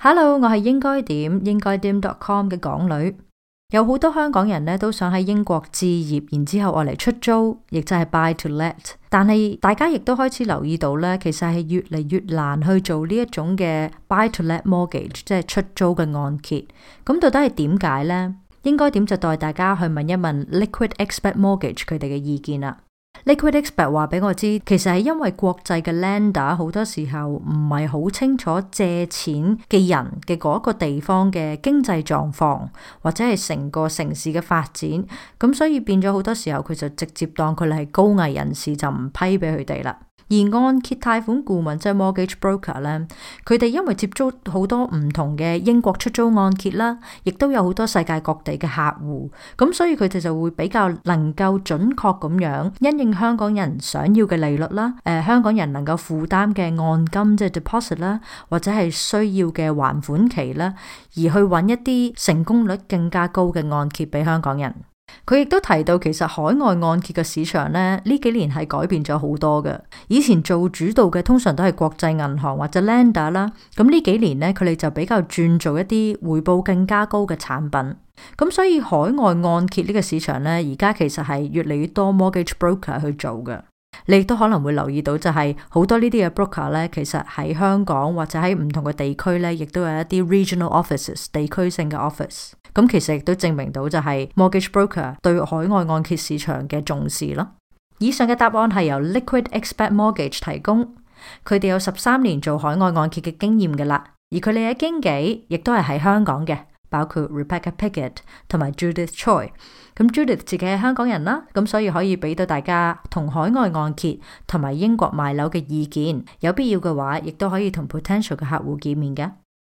Hello，我係應該點應該點 dotcom 嘅港女，有好多香港人咧都想喺英國置業，然之後攞嚟出租，亦即係 buy to let。但係大家亦都開始留意到咧，其實係越嚟越難去做呢一種嘅 buy to let mortgage，即係出租嘅按揭。咁到底係點解呢？應該點就帶大家去問一問 liquid expert mortgage 佢哋嘅意見啦。Liquid Expert 話俾我知，其實係因為國際嘅 lender 好多時候唔係好清楚借錢嘅人嘅嗰個地方嘅經濟狀況，或者係成個城市嘅發展，咁所以變咗好多時候佢就直接當佢哋係高危人士，就唔批俾佢哋啦。而按揭貸款顧問即係、就是、mortgage broker 咧，佢哋因為接觸好多唔同嘅英國出租按揭啦，亦都有好多世界各地嘅客戶，咁所以佢哋就會比較能夠準確咁樣因應香港人想要嘅利率啦，誒、呃、香港人能夠負擔嘅按金即係 deposit 啦，或者係需要嘅還款期啦，而去揾一啲成功率更加高嘅按揭俾香港人。佢亦都提到，其實海外按揭嘅市場咧呢幾年係改變咗好多嘅。以前做主導嘅通常都係國際銀行或者 lender 啦，咁呢幾年咧佢哋就比較轉做一啲回報更加高嘅產品。咁所以海外按揭呢個市場咧，而家其實係越嚟越多 mortgage broker 去做嘅。你亦都可能會留意到，就係好多呢啲嘅 broker 咧，其實喺香港或者喺唔同嘅地區咧，亦都有一啲 regional offices，地區性嘅 office。咁其實亦都證明到就係 mortgage broker 對海外按揭市場嘅重視咯。以上嘅答案係由 Liquid Expat Mortgage 提供，佢哋有十三年做海外按揭嘅經驗㗎喇，而佢哋嘅經紀亦都係喺香港嘅。包括 Rebecca Pickett 同埋 Judith Choi，咁 Judith 自己係香港人啦，咁所以可以俾到大家同海外按揭同埋英國買樓嘅意見，有必要嘅話，亦都可以同 potential 嘅客戶見面嘅。